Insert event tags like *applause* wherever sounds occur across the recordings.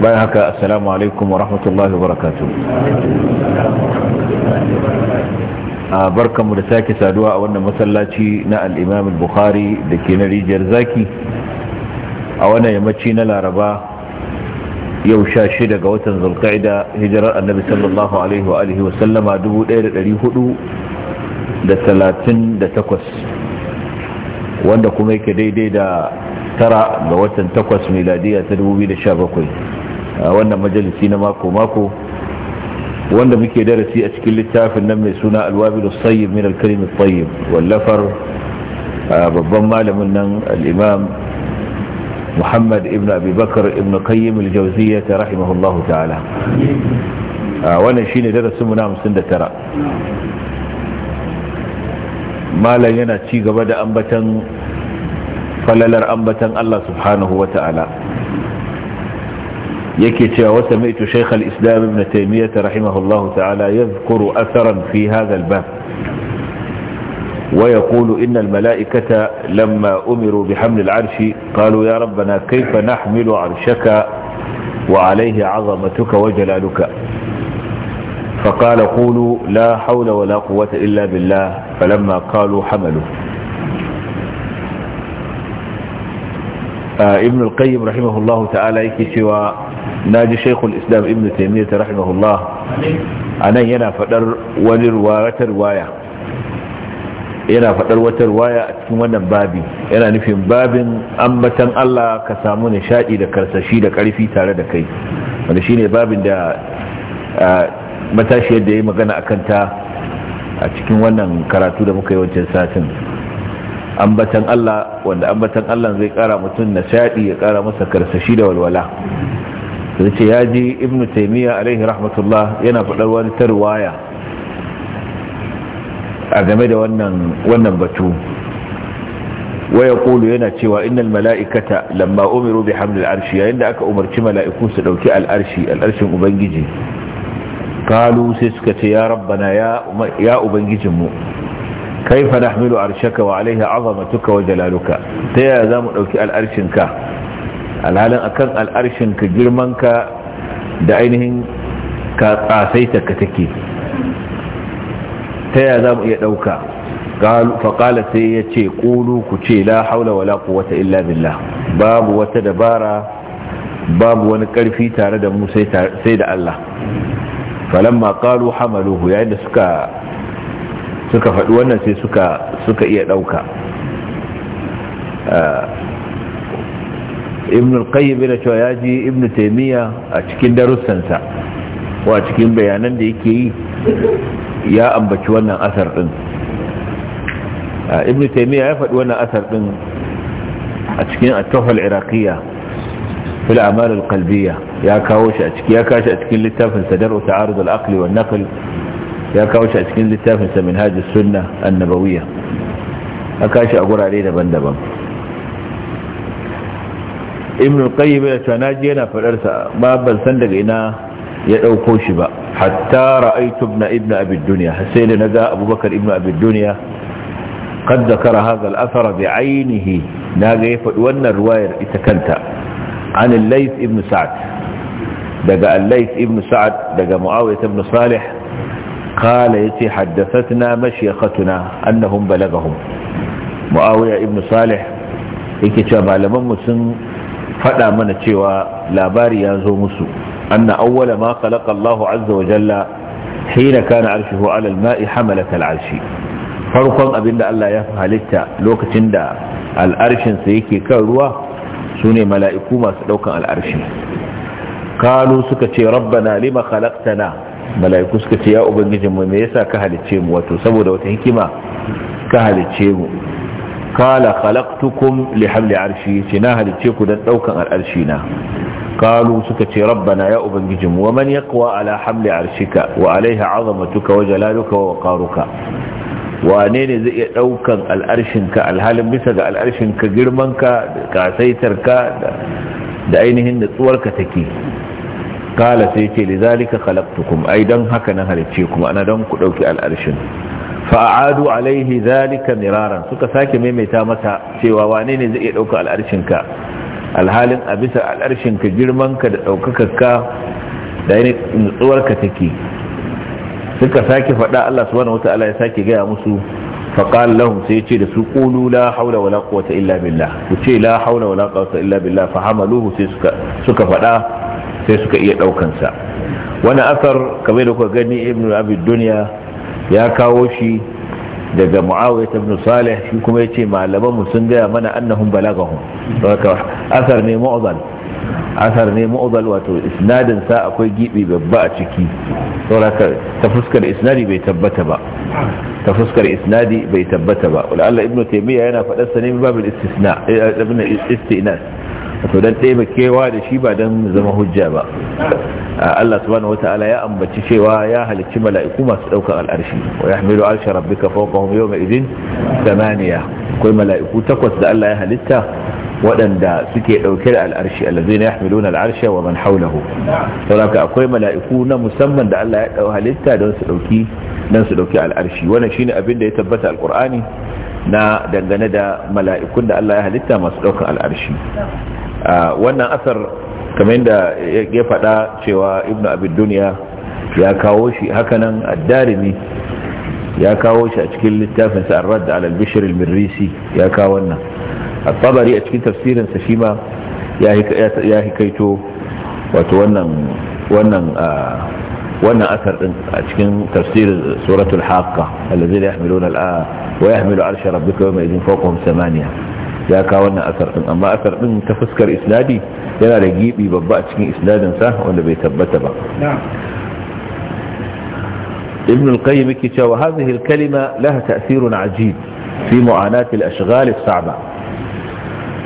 bayan haka assalamu alaikum wa rahmatullahi wa a barkanmu da sake saduwa a wannan masallaci na al'imam bukhari da ke na rijiyar zaki a wannan yammaci na laraba yau sha shida ga watan zulka'ida hijirar annabi sallallahu alaihi wa alihi wasallama 1438 wanda kuma yake daidai da tara ga watan takwas miladiya ta 2017 a wannan majalisi na mako-mako wanda muke darasi a cikin littafin nan mai suna alwabilu sayyib min alkalimin sayyib wallafar babban malamin nan al'imam muhammad ibn abubakar ibn qayyim aljawziya ta rahimahullahu ta'ala wannan shine darasin mu na 59 malam yana ci gaba da ambatan falalar ambatan Allah subhanahu wa ta'ala yake cewa شيخ الإسلام ابن تيمية رحمه الله تعالى يذكر أثرا في هذا الباب ويقول إن الملائكة لما أمروا بحمل العرش قالوا يا ربنا كيف نحمل عرشك وعليه عظمتك وجلالك فقال قولوا لا حول ولا قوة إلا بالله فلما قالوا حملوا آه، ابن القيم رحمه الله تعالى يكتوى na ji shekul islam ibn taimiyya ta rahimahullah a nan yana faɗar wani ruwatar waya yana faɗar wata ruwaya a cikin wannan babi yana nufin babin ambatan Allah ka samu nishaɗi da karsashi da ƙarfi tare da kai wanda shine babin da matashiyar da ya yi magana a kanta a cikin wannan karatu da muka yi wancan satin ambatan Allah wanda ambatan Allah zai ƙara mutum nishaɗi ya ƙara masa karsashi da walwala sai ce ya ji ibnu taimiyya alaihi rahmatullah yana faɗar wani tarwaya a game da wannan batu waya kulu yana cewa innal mala'ikata lamma umiru bi hamdul arshi yayin da aka umarci mala'iku su dauki al'arshi al'arshin ubangiji kalu sai suka ce ya rabbana ya ubangijinmu kaifa nahmilu arshaka wa alaiha azamatuka wa jalaluka ta yaya zamu dauki al'arshinka alhalin akan al'arshin ka girman ka da ainihin ka kasaita ka take ta ya za mu iya ɗauka faƙala sai ya ce ƙulu ku ce la haula wala wata illa billah babu wata dabara babu wani ƙarfi tare da mu sai da Allah falamma qalu hamaluhu yayin da suka suka faɗi wannan sai suka iya ɗauka ah, ibn al-qayyim yana cewa ya ji ibn taimiyya a cikin darussansa ko a cikin bayanan da yake yi ya ambaci wannan asar din ibn taimiyya ya faɗi wannan asar din a cikin at-tuhfal iraqiyya fil a'mal al-qalbiyya ya kawo shi a cikin ya kawo a cikin littafin sadar ta'arud al-aqli wa naql ya kawo shi a cikin littafin sa minhaj as-sunnah an-nabawiyya ya kawo a gurare daban-daban ibn al-qayyim ya ce naji yana fadar sa ba ban san daga ina ya dauko shi ba hatta ra'aytu ibn ibn abi dunya sai da naga abubakar ibn abi dunya qad zakara hadha al-athar bi aynihi naga ya fadi wannan riwayar ita kanta an al-layth ibn sa'd daga al-layth ibn sa'd daga muawiyah ibn salih قال يتي حدثتنا مشيختنا أنهم بلغهم معاوية ابن صالح yake cewa malamanmu sun faɗa mana cewa labari ya zo musu anna awwala ma khalaqa Allah azza wa jalla hina kana arshuhu ala al-ma'i hamalat al-arshi farkon abinda Allah ya halitta lokacin da al'arshin sa yake kan ruwa sune mala'iku masu daukan al'arshi kalu suka ce rabbana lima khalaqtana mala'iku suka ce ya ubangijin mu me yasa ka halice mu wato saboda wata hikima ka halicce mu kala khalaqtukum li hamli arshi ce na halice ku dan daukan al'arshi na kalu suka ce rabbana ya ubangijin wa man yaqwa ala hamli arshika wa alaiha azamatuka wa jalaluka wa waqaruka wane ne zai iya daukan al'arshinka alhalin bisa ga ka girmanka da kasaitarka da ainihin natsuwarka take kala sai ce lizalika khalaqtukum ai dan haka na halice kuma ana dan ku dauki al'arshin fa'adu alaihi zalika miraran suka sake maimaita masa cewa wane ne zai iya ɗauka al'arshinka alhalin a bisa al'arshinka girmanka da ɗaukakarka da yin nutsuwarka take suka sake faɗa Allah subhanahu wata'ala ya sake gaya musu faƙal lahum sai ce da su ƙulu la haula wala quwwata illa billah ku ce la haula wala quwwata illa billah fa hamaluhu sai suka suka faɗa sai suka iya ɗaukansa wani asar kamar da kuka gani ibnu abi dunya ya kawo shi daga mu'awai ta ibn salih shi kuma yace malaman mu sun gaya mana annahun balagahum asar ne mu'dal asar ne mu'dal wato isnadin sa akwai gibi babba a ciki saboda ta fuskar isnadi bai tabbata ba ta fuskar isnadi bai tabbata ba wala Allah ibn taymiya yana faɗar ne babul istisna eh, ibn istinas to dan taimakewa kewa da shi ba don zama hujja ba Allah subhanahu wata'ala ya ambaci cewa ya halicci mala'iku masu ɗaukar al'arshi wa ya hamilu arsha rabbika fawqahum yawma idin samaniya akwai mala'iku takwas da Allah ya halitta waɗanda suke ɗauke da al'arshi allazina na alarshi wa man hawlahu saboda akwai mala'iku na musamman da Allah ya ɗau halitta don su ɗauki don su ɗauki al'arshi wannan shine abin da ya tabbata alqur'ani na dangane da mala'ikun da Allah ya halitta masu ɗaukar al'arshi wannan asar kamar yadda ya faɗa cewa ibnu abid duniya ya kawo shi hakanan addarimi ya kawo shi a cikin littafinsa sa arrad da al al-mirrisi ya kawo wannan at a cikin tafsirinsa shi ma ya hikaito wato wannan asar a cikin tafsirin suratul haqqa allazi la yahmiluna al-a wa yahmilu arsha rabbika yawma idhin fawqahum samaniya ya kawo wannan asar din amma asar din ta fuskar isnadi yana da gibi babba a cikin isnadin sa wanda bai tabbata ba ibn al-qayyim yake cewa hadhihi al-kalima laha ta'sirun ajib fi mu'anat al-ashghal as-sa'ba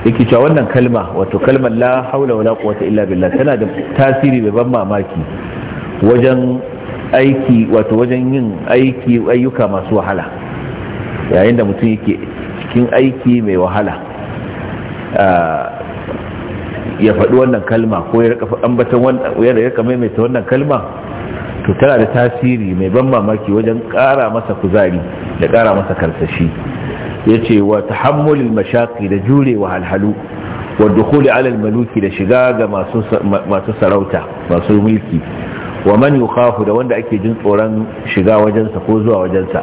yake cewa wannan kalma wato kalmar la haula wala quwwata illa billah tana da tasiri mai ban mamaki wajen aiki wato wajen yin aiki ayyuka masu wahala yayin da mutum yake cikin aiki mai wahala ah, ya faɗi wannan kalma ko ya rika maimaita wannan kalma to tana da tasiri mai ban mamaki wajen ƙara masa kuzari da ƙara masa karsashi ya ce wa tahammulil mashaki da jure wa halhalu wa dukuli alal maluki da shiga ga masu sarauta masu mulki wa man yukhafu da wanda ake jin tsoron shiga wajensa ko zuwa wajensa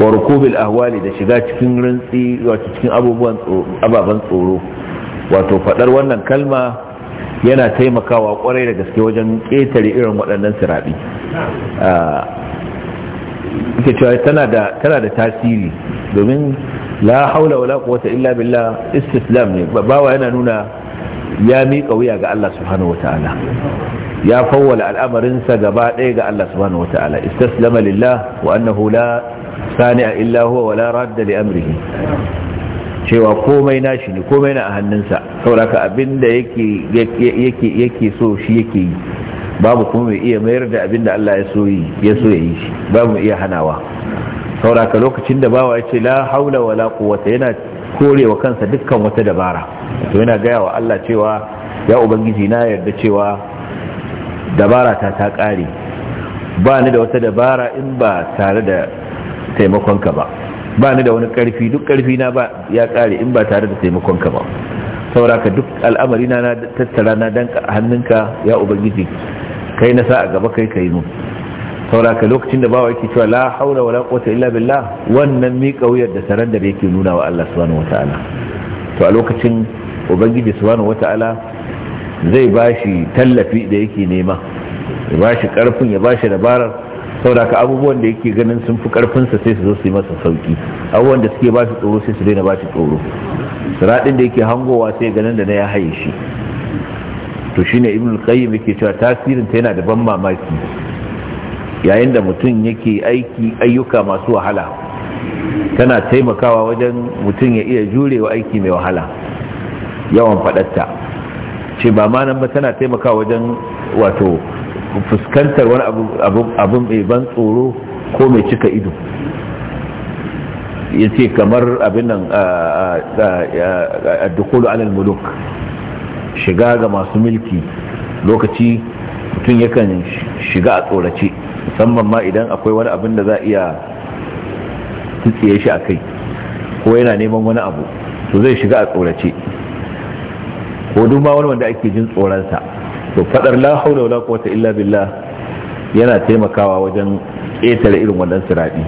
wa rukubil ahwali da shiga cikin rantsi wato cikin abubuwan ababan tsoro wato fadar wannan kalma yana taimakawa kwarai da gaske wajen ƙetare irin waɗannan sirabi ah, ke cewa tana da tana da tasiri domin la haula wala quwwata illa billah istislam ne bawa yana nuna ya miƙa wuya ga Allah subhanahu wataala ya fawwala al'amarinsa gaba ɗaya ga Allah subhanahu wataala istaslama lillah wa annahu la Sani illa huwa wala radda li amrihi cewa komai nashi ne komai na a hannunsa ka abinda yake yake yake so shi yake yi babu kuma mai iya mayar da abinda Allah ya so yi ya so yi shi babu iya hanawa ka lokacin da bawa ya ce la haula wala quwwata yana korewa kansa dukkan wata dabara to yana gaya wa Allah cewa ya ubangiji na yarda cewa dabara ta ta kare ba ni da wata dabara in ba tare da taimakonka ba ba ni da wani karfi duk karfi na ba ya kare in ba tare da taimakon taimakonka ba sauraka duk al'amari na na tattara na dan hannunka ya ubangiji kai na sa a gaba kai kai mu sauraka lokacin da bawa yake cewa la haula wala quwwata illa billah wannan miƙa wuyar da sarandar yake nuna wa Allah subhanahu wataala to a lokacin ubangiji subhanahu wataala zai bashi tallafi da yake nema ya bashi karfin ya bashi dabarar saboda ka abubuwan da yake ganin sun fi karfinsa sai su zo su yi masa sauki abubuwan da suke ba shi tsoro sai su daina ba shi tsoro siraɗin da yake hangowa sai ganin da na ya haye shi to shine ibn qayyim yake cewa tasirin ta yana da ban mamaki yayin da mutum yake aiki ayyuka masu wahala tana taimakawa wajen mutum ya iya jurewa aiki mai wahala yawan faɗatta ce ba ma nan ba tana taimakawa wajen wato fuskantar wani abin mai ban tsoro ko mai cika ido ya ce kamar abin nan a dukulu alal muluk shiga ga masu mulki lokaci mutum yakan shiga a tsorace musamman ma idan akwai wani abin da za a iya tsitsiye shi a kai ko yana neman wani abu to zai shiga a tsorace ko duk wani wanda ake jin tsoronsa to fadar la haula wala quwwata illa billah yana taimakawa wajen ƙetare irin wannan siradi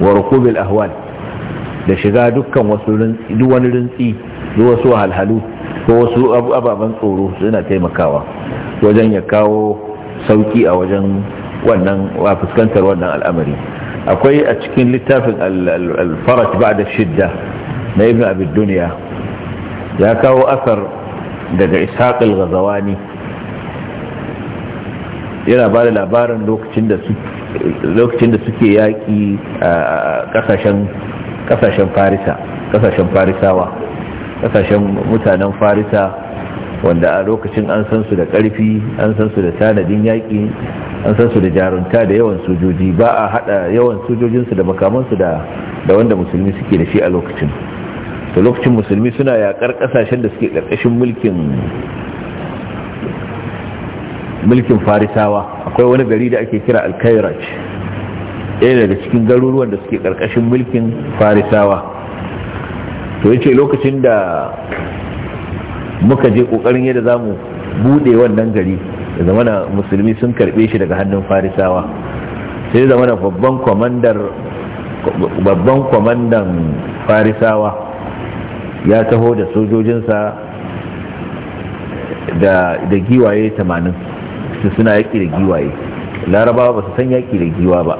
wa rukubil ahwal da shiga dukkan wasu duk wani rintsi ko wasu halhalu ko wasu ababen tsoro suna taimakawa wajen ya kawo sauki a wajen wannan wa fuskantar wannan al'amari akwai a cikin littafin al-farat ba'da shidda na ibn abi dunya ya kawo asar daga ishaq al-ghazawani yana ba da labarin lokacin da suke yaƙi a ƙasashen farisa ƙasashen farisawa ƙasashen mutanen farisa wanda a lokacin an san su da ƙarfi an san su da tanadin yaƙi an san su da jarunta da yawan sojoji ba a haɗa yawan sojojinsu da makamansu da wanda musulmi suke da shi a lokacin to lokacin musulmi suna yaƙar ƙasashen da suke ƙarƙashin mulkin mulkin farisawa akwai wani gari da ake kira alkairaj ɗaya daga cikin garuruwan da suke ƙarƙashin mulkin farisawa to yace lokacin da muka je ƙoƙarin yadda za mu buɗe wannan gari da zamana musulmi sun karɓe shi daga hannun farisawa sai zamana babban babban kwamandan farisawa ya taho da sojojinsa da giwaye 80 su suna yaƙi da giwaye larabawa ba su san yaƙi da giwa ba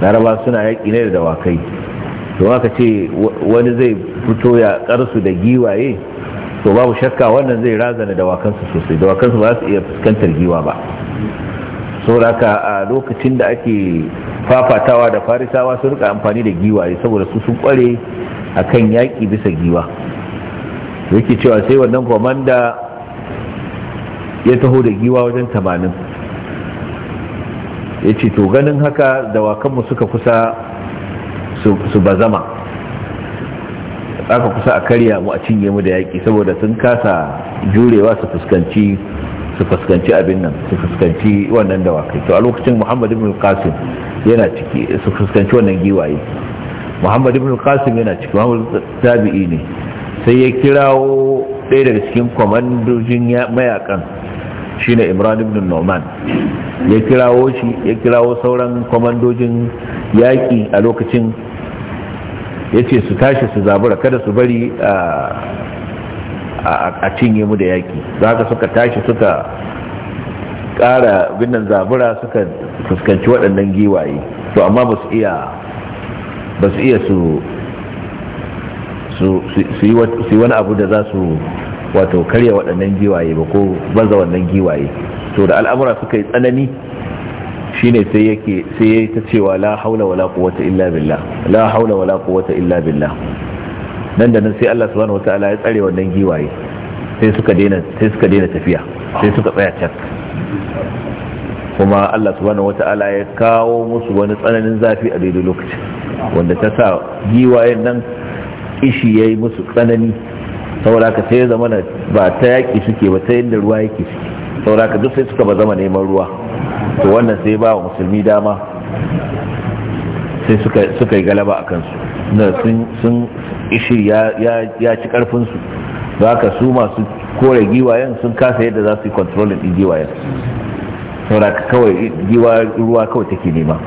laraba suna yaƙi ne da dawakai to aka ce wani zai fito ya ƙarsu da giwaye to babu shakka wannan zai razana dawakansu sosai dawakansu ba su iya fuskantar giwa ba sauraka a lokacin da ake fafatawa da farisawa su rika amfani da giwaye saboda su sun kware a kan yaƙi bisa giwa yake cewa sai wannan komanda ya taho da giwa wajen tamanin ya ce to ganin haka dawakanmu suka kusa su bazama aka kusa a karya mu a cinye mu da yaƙi saboda sun kasa jurewa su fuskanci su fuskanci abin nan su fuskanci wannan dawakai to a lokacin muhammad ibn qasim yana ciki su fuskanci wannan giwaye muhammad ibn qasim yana ciki muhammad tabi'i ne sai ya kirawo ɗaya daga cikin kwamandojin mayakan shine imran ibn noman ya kirawo shi ya kirawo sauran kwamandojin yaƙi a lokacin ya ce su tashi su zabura kada su bari a cinye mu da yaƙi za ka suka tashi suka ƙara binnan zabura suka fuskanci waɗannan giwaye to amma ba su ba su iya su yi wani abu da za su wato karya waɗannan giwaye ba ko baza wannan giwaye to da al'amura suka yi tsanani shine sai yake sai yayi ta cewa la haula wala quwwata illa billah la haula wala quwwata illa billah nan da nan sai Allah subhanahu wataala ya tsare wannan giwaye sai suka daina sai suka daina tafiya sai suka tsaya can kuma Allah subhanahu wataala ya kawo musu wani tsananin zafi a daidai lokacin wanda ta sa giwayen nan ishi yayi musu tsanani saboda ka sai zama na ba ta yaki suke ba ta yadda ruwa yake suke saboda ka duk sai suka ba zama neman ruwa to wannan sai ba wa musulmi dama sai suka yi galaba a kansu na sun ishi ya ci karfinsu za ka su masu kore giwayen sun kasa yadda za su yi kontrolin ɗin giwayen saboda kawai giwa ruwa kawai take nema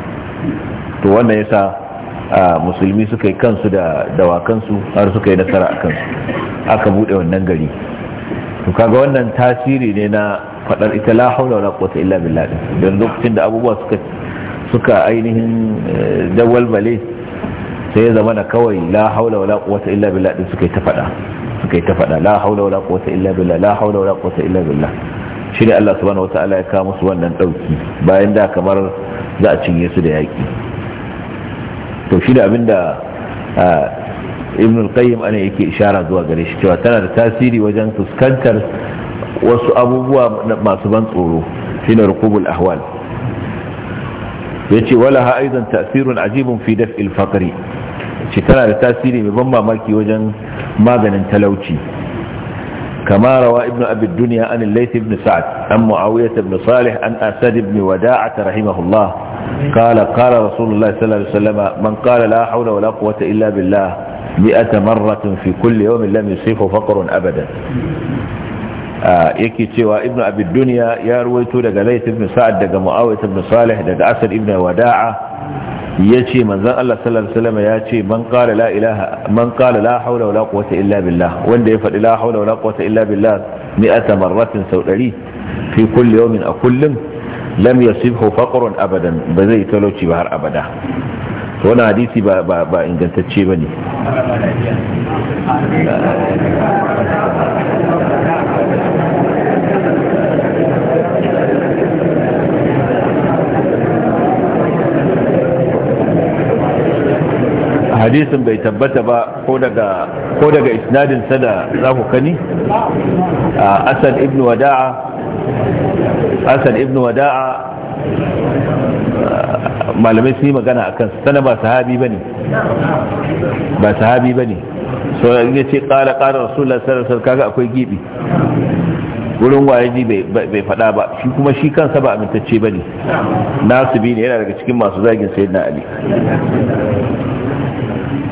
to wannan yasa musulmi suka yi kansu da dawakansu har suka yi nasara a kansu aka bude wannan gari to kaga wannan tasiri ne na faɗar ita la haula wala quwwata illa billah don lokacin da abubuwa suka suka ainihin eh, male sai ya zama na kawai la haula wala quwwata illa billah din suka yi ta faɗa suka yi ta faɗa la haula wala quwwata illa billah la haula wala quwwata illa billah shine Allah subhanahu wataala ya kawo musu wannan dauki bayan da kamar za a cinye su da yaki to shi da abinda ibn al-qayyim ana yake ishara zuwa gare shi cewa tana da tasiri wajen fuskantar wasu abubuwa masu ban tsoro shine rukubul ahwal yace wala ha aidan ta'sirun ajibun fi daf'il faqri shi tana da tasiri mai ban mamaki wajen maganin talauci كما روى ابن أبي الدنيا عن الليث بن سعد عن معاوية بن صالح عن أسد بن وداعة رحمه الله قال قال رسول الله صلى الله عليه وسلم من قال لا حول ولا قوة إلا بالله مئة مرة في كل يوم لم يصيبه فقر أبدا yake cewa ibnu abi dunya ya ruwaito daga layth ibn sa'ad daga muawiyah ibn salih daga Asar ibn wada'a ya ce Allah sallallahu alaihi wasallam yace man qala la man qala la hawla wala quwwata illa billah wanda ya faɗi la hawla wala quwwata illa billah mi'ata marratin sau ɗari fi kulli yawmin a kullum lam yasibhu faqrun abadan ba zai talauci ba har abada to wannan hadisi ba ba ba ingantacce bane hadisin bai tabbata ba ko daga ko daga isnadin sa zaku kani asad ibnu wada'a hasan ibn wada'a malamai sun yi magana a kansu sana ba sahabi ba ne ba sahabi ba ne so ya ce ƙara ƙara rasulullah sarasar kaga akwai gibi wurin wayaji bai faɗa ba shi kuma shi kansa ba amintacce ba ne nasu bi ne yana daga cikin masu zagin sayi na ali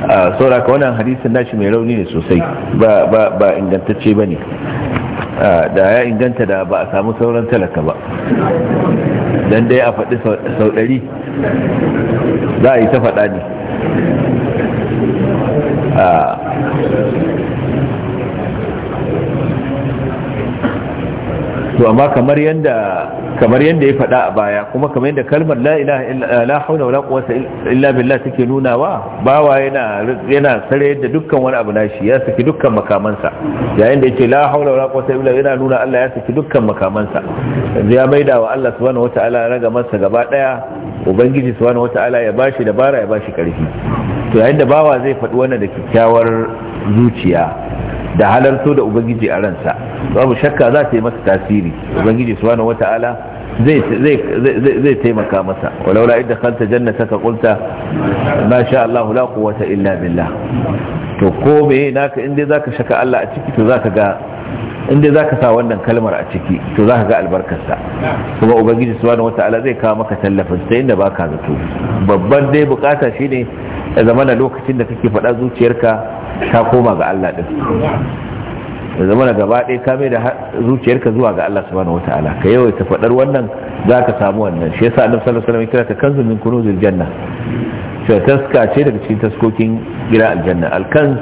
ah, sauraka wannan hadisin nashi mai rauni ne sosai ba ingantacce ba ne Ah, da ya inganta da ba a samu sauran talaka ba dan dai a faɗi sau ɗari za a yi ta faɗa ne ah. to amma kamar yadda kamar yadda ya faɗa a baya kuma kamar yadda kalmar la ilaha illa eh, la haula wala quwwata illa billah take nunawa bawa yana tsare yadda da dukkan wani abu nashi ya saki dukkan makamansa yayin da ya la haula wala quwwata illa yana nuna Allah ya saki dukkan makamansa yanzu ya maida wa Allah subhanahu wataala raga masa gaba ɗaya ubangiji subhanahu wataala ya bashi dabara ya bashi karfi to yayin da bawa zai faɗi wannan da kyakkyawar zuciya da halarto da ubangiji a ransa babu shakka za ta yi masa tasiri ubangiji subhanahu wata'ala zai taimaka masa walaula idda khalta jannataka qulta ma sha Allah la quwwata illa billah to ko me naka inda zaka shaka Allah a ciki to zaka ga inda zaka sa wannan kalmar a ciki to zaka ga albarkarsa kuma ubangiji subhanahu wataala zai kawo maka tallafin sai inda baka zato babban dai bukata shine ya zamana lokacin da kake faɗa zuciyarka ta koma ga Allah din ya zama na gaba ɗaya kame da zuciyarka zuwa ga Allah subhanahu ta'ala ka yawaita faɗar wannan za ka samu wannan shi yasa annabi sallallahu alaihi wasallam kira ta kanzu min kunuzil janna ce taska ce daga cikin taskokin gida aljanna alkanz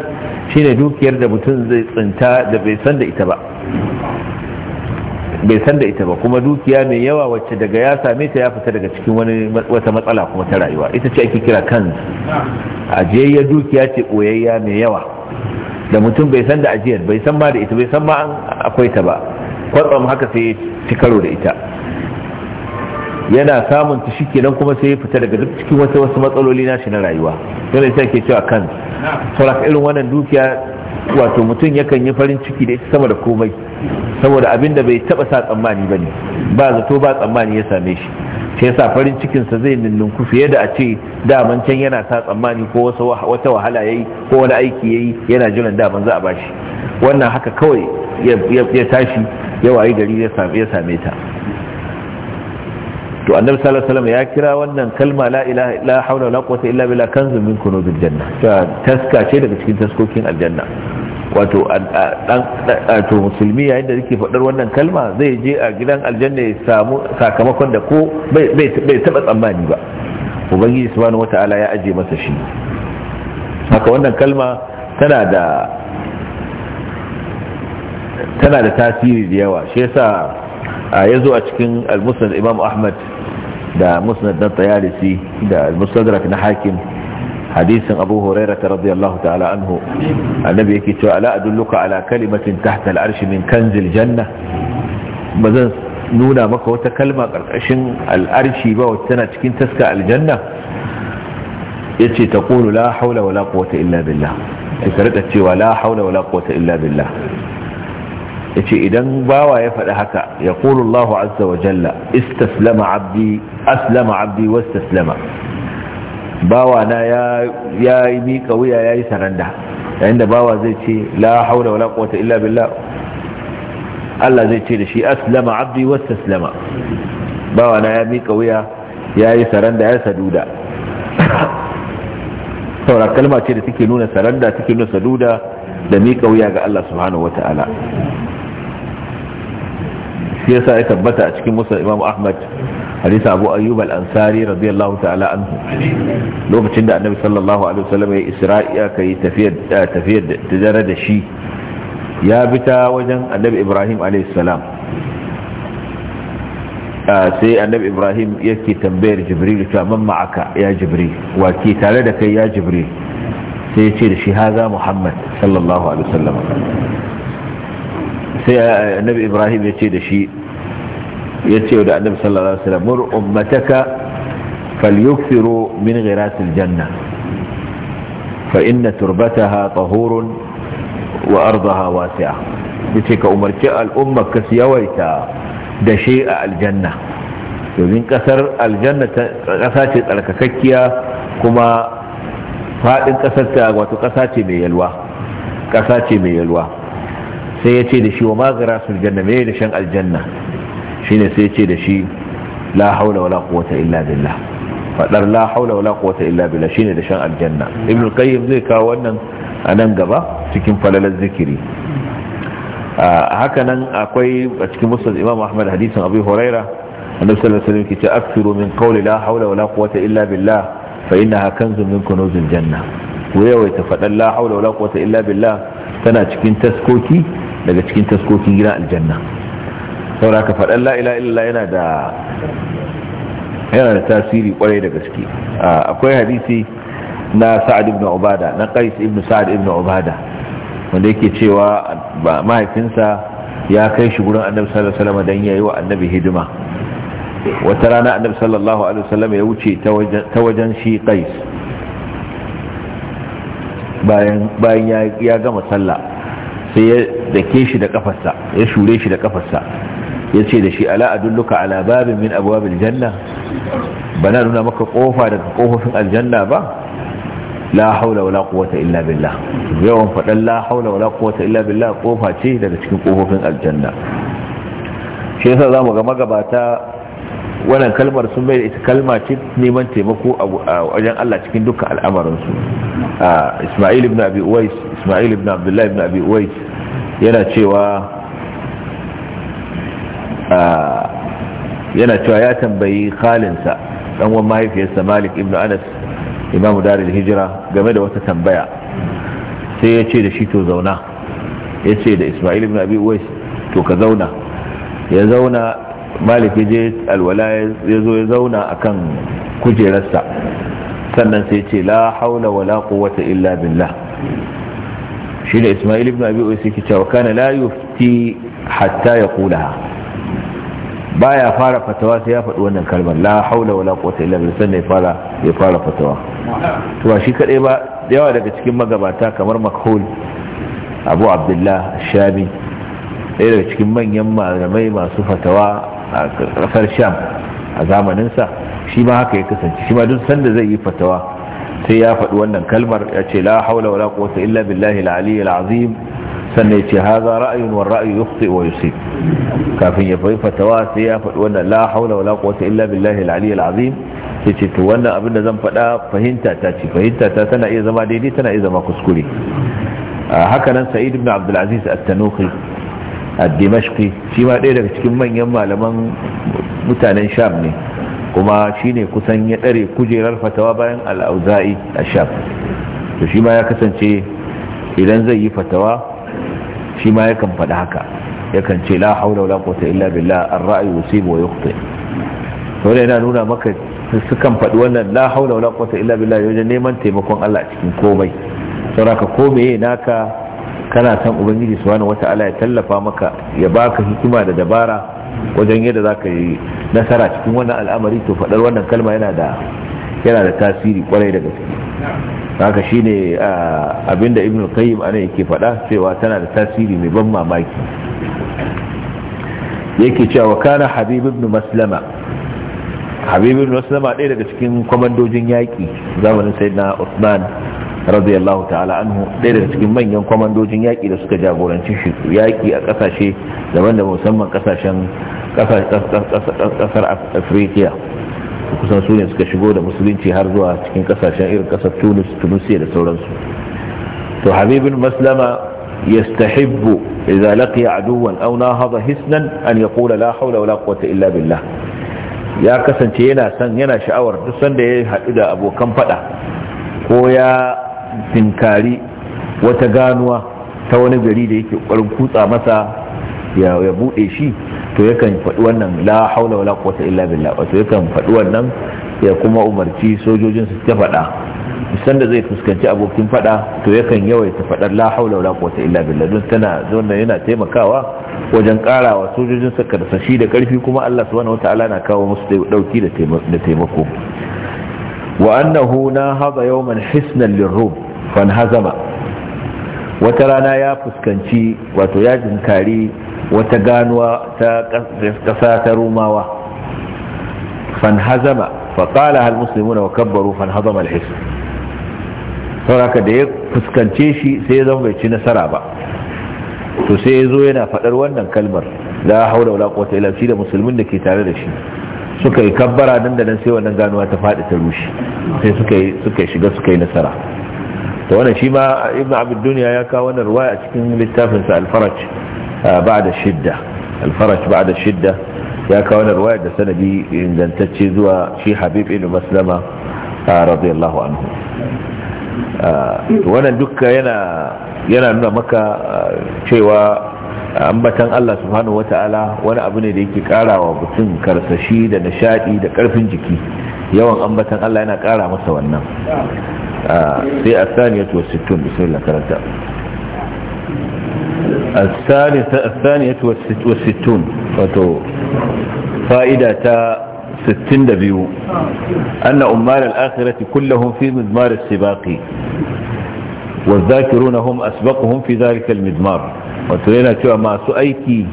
shine dukiyar da mutum zai tsinta da bai san da ita ba bai san da ita ba kuma dukiya mai yawa wacce daga ya same ta ya fita daga cikin wani wata matsala kuma ta rayuwa ita ce ake kira kanz ajiyayya dukiya ce koyayya mai yawa da mutum bai san da ajiyar bai san ma da ita bai san ma an akwai ta ba kwatsam haka sai ci karo da ita yana samun ta shi kenan kuma sai ya fita daga duk cikin wasu wasu matsaloli na shi na rayuwa yana sai ke cewa kan saboda irin wannan dukiya wato mutum yakan yi farin ciki da ita sama da komai saboda abin da bai taba sa tsammani bane ba zato ba tsammani ya same shi sai yasa farin cikinsa zai ninninku fiye da a ce daman can yana sa tsammani ko wata wahala yayi ko wani aiki yayi yana jiran daman za a bashi wannan haka kawai ya tashi ya wayi gari ya same ta to annabi sallallahu alaihi wasallam ya kira wannan kalma la ilaha illa hawla wala quwwata illa billah kanzu min kunuzil janna ta taska ce daga cikin taskokin aljanna wato wato musulmi yayin da yake faɗar wannan kalma zai je a gidan aljanna ya samu sakamakon da ko bai taɓa tsammani ba ubangiji subhanahu wata'ala ya aje masa shi haka wannan kalma tana da tana da tasiri da yawa shi yasa ya zo a cikin al-musnad imam ahmad da musnad da tayarisi da al-mustadrak na hakim hadisin abu huraira ta radiyallahu ta'ala anhu annabi yake cewa ala adulluka ala kalimatin tahta al'arshi min kanzil janna ba nuna maka wata kalma karkashin al'arshi ba wacce tana cikin taska aljanna yace ta qulu la haula wala quwwata illa billah sai ka cewa la haula wala quwwata illa billah yace idan bawa ya faɗi haka ya qulu Allahu azza wa jalla istaslama abdi aslama abdi wastaslama bawa na ya yi mika wuya ya yi saranda yayin da bawa zai ce la haula wala quwwata illa billah Allah zai ce da shi aslama abdi taslama. bawa na ya mika wuya ya yi saranda ya saduda *coughs* saura kalma ce da take nuna saranda take nuna saduda da mika wuya ga Allah subhanahu wataala shi yasa ya tabbata a cikin musa imam ahmad hadisa abu ayyub al-ansari radiyallahu ta'ala anhu lokacin da annabi sallallahu alaihi wasallam ya isra'iya kai tafiyar eh, tafiyar tijara da shi ya bi ta wajen annabi ibrahim alaihi salam ah, sai annabi ibrahim yake tambayar jibril ta man ma'aka ya jibril wa ke tare da kai ya jibril sai ya ce da shi haza muhammad sallallahu alaihi wasallam sai eh, annabi ibrahim ya ce da shi ya ce da annabi sallallahu alaihi wasallam mur ummataka falyukthiru min ghirasil janna fa inna turbataha tahurun wa ardaha wasi'a yace ka umarci al'umma ka su yawaita da shi a aljanna domin kasar aljanna kasa ce tsarkakakkiya kuma faɗin kasar ta wato kasa ce mai yalwa kasa ce mai yalwa sai ya ce da shi wa ma magara su aljanna mai da shan aljanna shine sai ce da shi la haula wala quwwata illa billah fadar la haula wala quwwata illa billah shine da shan aljanna ibnu qayyim zai kawo wannan a nan gaba cikin falalar zikiri A haka nan akwai a cikin musnad imam ahmad hadisin abu huraira annabi sallallahu alaihi wasallam yace akthiru min qawli la haula wala quwwata illa billah fa innaha kanzun min kunuzil janna ko yawaita fadan la haula wala quwwata illa billah tana cikin taskoki daga cikin taskokin gidan aljanna saboda ka faɗin la'ila illa yana da yana da tasiri kwarai da gaske akwai hadisi na sa'ad ibn ubada na qais ibn sa'ad ibn ubada wanda yake cewa mahaifinsa ya kai shi gurin annabi sallallahu alaihi wasallam dan yayi wa annabi hidima wata rana annabi sallallahu alaihi wasallam ya wuce ta wajen shi qais bayan bayan ya gama sallah sai ya dake shi da kafarsa ya shure shi da kafarsa yace da shi ala adulluka ala babin min abwabil janna bana nuna maka kofa daga kofofin aljanna ba la haula wala quwwata illa billah yawan fadan la haula wala quwwata illa billah kofa ce daga cikin kofofin aljanna shi yasa zamu ga magabata wannan kalmar sun bai da ita kalma ce neman taimako a wajen Allah cikin dukkan al'amarin su ah, Isma'il ibn Abi Uwais Isma'il ibn Abdullah ibn Abi Uwais yana cewa yana cewa ya tambayi khalinsa dan uwan mahaifiyarsa Malik ibn Anas imamu daril hijira game da wata tambaya sai ya ce da shi to zauna ya ce da Ismail ibn Abi Uwais to ka zauna ya zauna Malik je alwala ya zo ya zauna akan kujerarsa sannan sai ce la haula wala quwwata illa billah shi da Ismail ibn Abi Uwais yake cewa kana la yufti hatta yaqulaha baya fara fatawa sai ya faɗi wannan kalmar la haula wala quwwata illa billah sannan ya fara ya fara fatawa to ba shi kadai ba yawa daga cikin magabata kamar makhul abu abdullah shami ɗaya daga cikin manyan malamai masu fatawa a ƙasar sham a sa shi ma haka ya kasance shi ma duk sanda zai yi fatawa sai ya faɗi wannan kalmar ya ce la haula wala quwwata illa billahi al-aliyyil azim sannan ya ce hadha ra'yun wa ra'yu yukhti wa yusib kafin ya faɗi fatawa sai ya faɗi wannan la haula wala quwwata illa billahi al-ali al-azim sai to wannan abin da zan faɗa fahimta ta ce fahimta ta tana iya zama daidai tana iya zama kuskure haka nan sa'id ibn abdul aziz at-tanuqi ad-dimashqi shi ma ɗaya daga cikin manyan malaman mutanen sham ne kuma shine kusan ya ɗare kujerar fatawa bayan al-auza'i a sham to shi ma ya kasance idan zai yi fatawa shi ma yakan faɗi haka yakan ce la haula wala quwwata illa billah ar-ra'yu yusibu wa yukhti to da yana nuna maka sukan faɗi wannan la haula wala quwwata illa billah wajen neman taimakon Allah cikin komai saboda ko meye naka kana san ubangiji subhanahu wata'ala ya tallafa maka ya baka hikima da dabara wajen yadda zaka yi nasara cikin wannan al'amari to faɗar wannan kalma yana da yana da tasiri kwarai da gaske haka shine abinda ibn al-qayyim ana yake faɗa cewa tana da tasiri mai ban mamaki yake cewa kana habib ibn maslama habib ibn maslama ɗaya daga cikin kwamandojin yaƙi zamanin na usman radiyallahu ta'ala anhu ɗaya daga cikin manyan kwamandojin yaƙi da suka jagoranci shi yaƙi a ƙasashe daban da musamman ƙasashen ƙasar afirka kusan su ne suka shigo da musulunci har zuwa cikin kasashen irin kasar tunis tunisia da sauransu to habibin maslama yastahibbu idza laqiya aduwan aw nahada hisnan an yaqula la hawla wala quwwata illa billah ya kasance yana san yana sha'awar duk sanda ya haɗu da abokan fada ko ya tinkari wata ganuwa ta wani gari da yake ƙwarin kutsa masa ya buɗe shi to yakan faɗi wannan la haula wala quwwata illa billah wato yakan faɗi wannan ya kuma umarci sojojin su ta faɗa San da zai fuskanci abokin faɗa to yakan yawaita faɗar la haula wala quwwata illa billah don tana zonna yana taimakawa wajen karawa sojojin sa karsashi da karfi kuma Allah subhanahu wataala na kawo musu dauki da taimako wa annahu nahada yawman hisnan lirum fanhazama wata rana ya fuskanci wato ya jinkari wata ganuwa ta ƙasa ta rumawa fanhazama faƙala hal musulmuna wa kabbaru fanhazama alhisu sauraka da ya fuskance shi sai ya zama bai ci nasara ba to sai ya zo yana faɗar wannan kalmar la haula wala quwwata illa billah da musulmin da ke tare da shi suka yi kabbara nan da nan sai wannan ganuwa ta faɗi ta rushe sai suka yi suka shiga suka yi nasara to wannan shi ma Ibn abd ya kawo wannan riwaya a cikin littafin sa al-faraj da shidda Alfarash ba'a da shidda ya kawo na ruwayar da sanadi ingantacce zuwa shi habib ibn maslama radiyallahu anhu wannan dukka yana nuna maka cewa ambatan Allah subhanahu wata'ala wani abu ne da yake wa mutum karsashi da nishaɗi da karfin jiki yawan ambatan Allah yana kara masa wannan sai a saniya 60 bismillah karanta الثانية والستون وتو فائدة ستين دبيو أن أمال الآخرة كلهم في مدمار السباق والذاكرون هم أسبقهم في ذلك المدمار وتلينا توا ما سؤيكي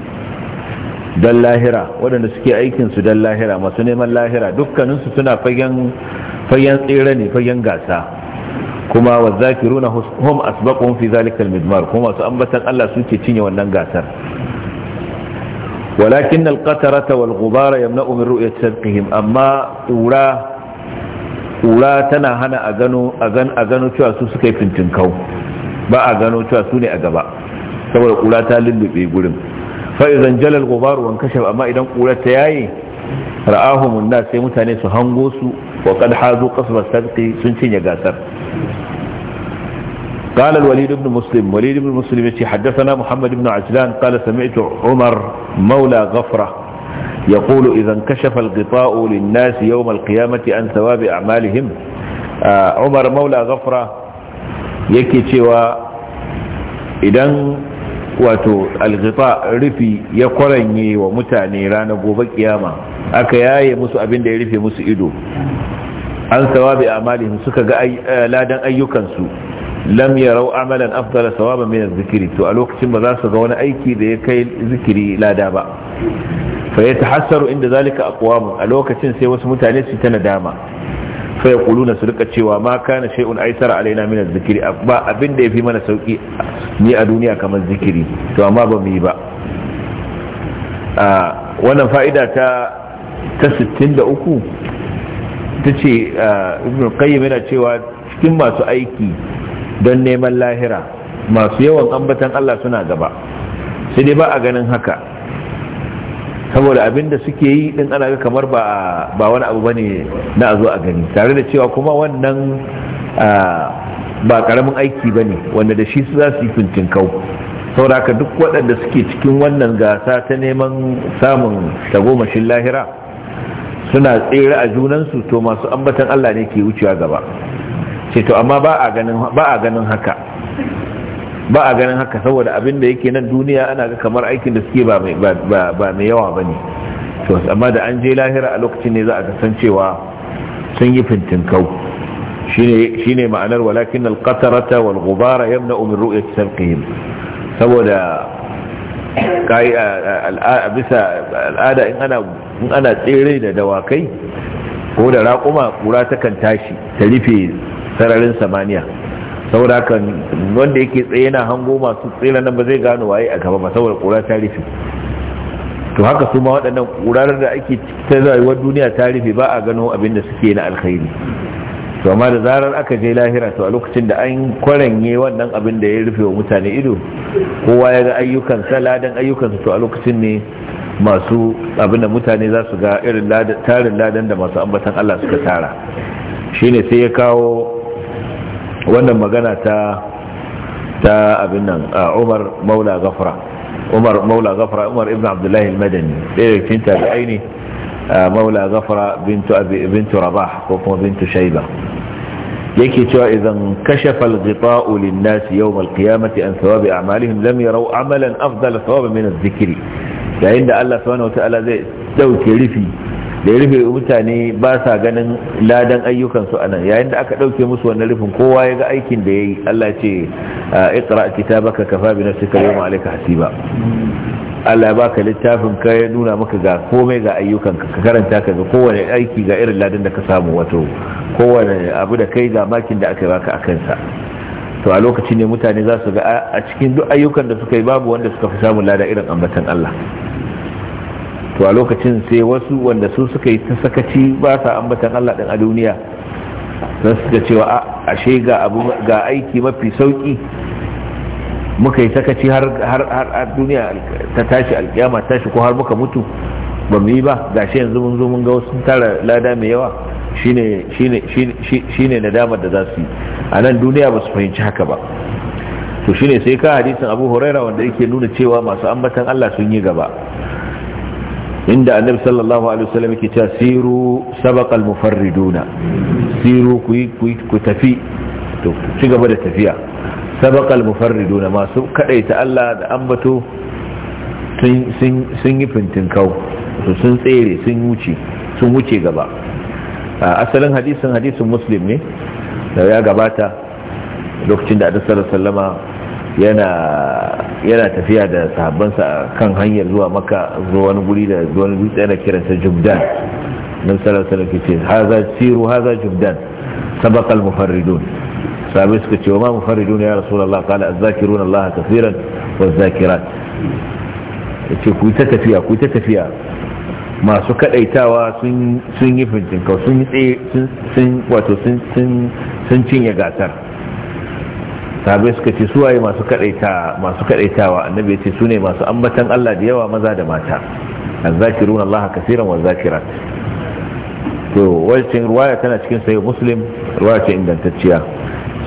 دل لاهرة ودن سكي أيكن سدل لاهرة ما سنما اللاهرة دكا ننسو سنا فين فين إيراني فين قاسا kuma wa zakiruna hum asbaqun fi zalikal midmar kuma su ambatan Allah suke cinye wannan gasar walakin alqatarata wal yamna'u min ru'yat sadqihim amma ura ura tana hana a gano a gano a gano cewa su suka yi fintinkau ba a gano cewa su ne a gaba saboda ƙura ta lullube gurin fa idan jalal gubar wan kashaf amma idan kura ta yayi ra'ahum na sai mutane su hango su wa qad hazu qasba sadqi sun cinye gasar قال الوليد بن مسلم وليد بن مسلم حدثنا محمد بن عجلان قال سمعت عمر مولى غفرة يقول إذا انكشف الغطاء للناس يوم القيامة عن ثواب أعمالهم عمر مولى غفرة yake cewa idan wato alghita rufi ya kwaranye wa mutane ranar gobe kiyama aka yaye musu abin da ya rufe musu ido an sawabi amalihim suka ga ladan ayyukansu lam yarau amalan afdala sawaban min zikiri to a lokacin ba za su ga wani aiki da ya kai zikiri lada ba fa yatahassaru inda zalika aqwam a lokacin sai wasu mutane su ta nadama fa yaquluna su rika cewa ma kana shay'un aisara alaina min zikiri ba abin da yafi mana sauki ni a duniya kamar zikiri to amma ba mu yi ba wannan fa'ida ta ta 63 ta ce ibn qayyim yana cewa cikin masu aiki don neman lahira masu yawan ambatan Allah suna gaba sai dai ba a ganin haka saboda abinda suke yi din ana ga kamar ba wani abu bane na zo a gani tare da cewa kuma wannan ba karamin aiki bane wanda da shi su za su yi fintin kau sauraka duk waɗanda suke cikin wannan gasa ta neman samun tagomashin lahira suna tsere a junansu to masu ambatan Allah ne ke wucewa gaba ce to amma ba a ganin haka ba a ganin haka saboda abin da yake nan duniya ana ga kamar aikin da suke ba mai yawa ba ne to amma da an je lahira a lokacin ne za a san cewa sun yi fintinkau shi ne ma'anar walakin alkatarata wal gubara na umar ru'ya sarkihim saboda bisa al'ada in ana tsere da dawakai ko da raƙuma ƙura takan tashi ta rufe sararin samaniya saboda haka wanda yake tsaye na hango masu tsira nan ba zai gano waye a gaba ba saboda kura ta rufe to haka su ma waɗannan kurarar da ake ta rayuwar duniya ta rufe ba a gano abin da suke na alkhairi to amma da zarar aka je lahira to a lokacin da an kwaranye wannan abin da ya rufe wa mutane ido kowa ya ga ayyukan sa ladan ayyukan to a lokacin ne masu abin da mutane za su ga irin tarin ladan da masu ambatan Allah suka tara shine sai ya kawo wannan magana ta ta abin nan umar maula gafara umar maula gafara umar ibn abdullahi al-madani ɗaya cikin tabi'ai ne maula gafara bintu abi bintu rabah ko kuma bintu shaiba yake cewa idan kashafa al-ghita'u lin-nas yawm al-qiyamati an thawabi a'malihim lam yaraw amalan afdala thawaban min adh-dhikri yayin da Allah subhanahu wa ta'ala zai dauke rufi da ya rufe mutane ba sa ganin ladan ayyukansu a nan yayin da aka ɗauke musu wannan rufin kowa ya ga aikin da ya yi Allah ce kita kitabaka kafa bi nafsika yawma alayka hasiba Allah ya baka littafin ka ya nuna maka ga komai ga ayyukan ka karanta ka ga kowane aiki ga irin ladan da ka samu wato kowane abu da kai ga makin da aka baka a kansa to a lokacin ne mutane za su ga a cikin duk ayyukan da suka yi babu wanda suka fi samun lada irin ambatan Allah to a lokacin sai wasu wanda su suka yi ta sakaci ba sa ambatan Allah din a duniya don suka cewa ashe ga aiki mafi sauki muka yi sakaci har har duniya ta tashi alkiyama tashi ko har muka mutu ba mu yi ba shi yanzu mun zo mun ga wasu tara lada mai yawa shine shine nadamar da za su yi a nan duniya ba su fahimci haka ba to shine sai ka hadisin Abu Huraira wanda yake nuna cewa masu ambatan Allah sun yi gaba inda annabi sallallahu alaihi wasallam yake cewa siru sabaqal mufarriduna siru ku ku tafi to ci gaba da tafiya sabaqal mufarriduna masu kadaita Allah da ambato sun yi fintin kau to sun tsere sun wuce sun wuce gaba asalin hadisin hadisin muslim ne da ya gabata lokacin da annabi sallallahu alaihi wasallama yana tafiya da sahabbansa kan hanyar zuwa maka zuwa wani guri da zuwa wani guri yana kiransa jubdan nan sallallahu alaihi ce haza siru haza jubdan sabaqal mufarridun sahabbai suka ce ma mufarridun ya rasulullah qala az-zakirun Allah kaseeran wa zakirat yace ku ta tafiya ku ta tafiya masu kadaitawa sun yi fintinka sun yi tsaye sun wato sun cinye gasar sahabai suka ce suwaye masu kadaita masu kadaitawa annabi sune masu ambatan Allah da yawa maza da mata azzakirun Allah kasiran wa zakirat to ruwaya tana cikin sahih muslim ruwaya ce ingantacciya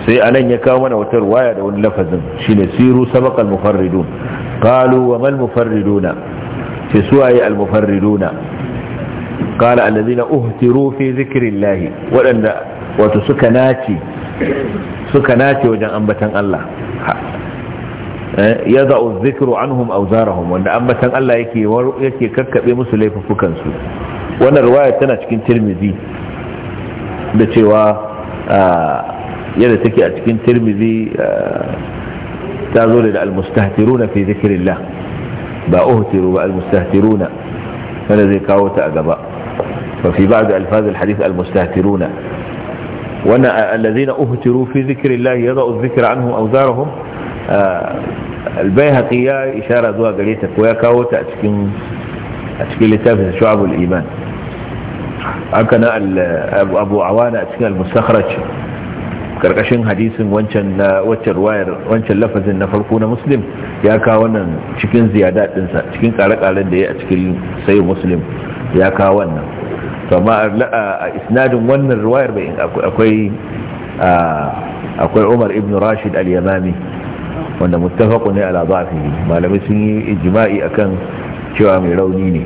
sai anan ya kawo mana wata ruwaya da wani lafazin shine siru sabaqal mufarridun qalu wa mal mufarriduna sai suwaye al mufarriduna qala alladhina uhtiru fi dhikrillah wadanda wato suka naci suka nace wajen ambatan Allah eh, ya za'u zikiru anhum auzarahum wanda ambatan Allah yake yake kakkabe musu laifukan su wannan riwaya tana cikin Tirmidhi da cewa yadda take a cikin Tirmidhi ta zo da al-mustahtiruna fi zikrillah ba uhtiru ba al-mustahtiruna wanda zai kawo ta a gaba fa fi ba'd alfaz al وان الذين اهتروا في ذكر الله يضعوا الذكر عنهم اوزارهم آه، البيهقية اشارة دوا قليتا كويا كاوتا اتكين اتكين لتافة شعب الايمان اكنا ابو عوان اتكين المستخرج كركشين حديث وانشن وانشن واير وانشن لفظ النفلقون مسلم يا كاوانا اتكين زيادات انسا اتكين كارك على دي اتكين سيو مسلم يا كاوانا kama a isnadin wannan ruwayar bai akwai akwai umar ibn rashid al-yamami wanda muttafaku ne ala zafi malamai sun yi ijma'i akan cewa mai rauni ne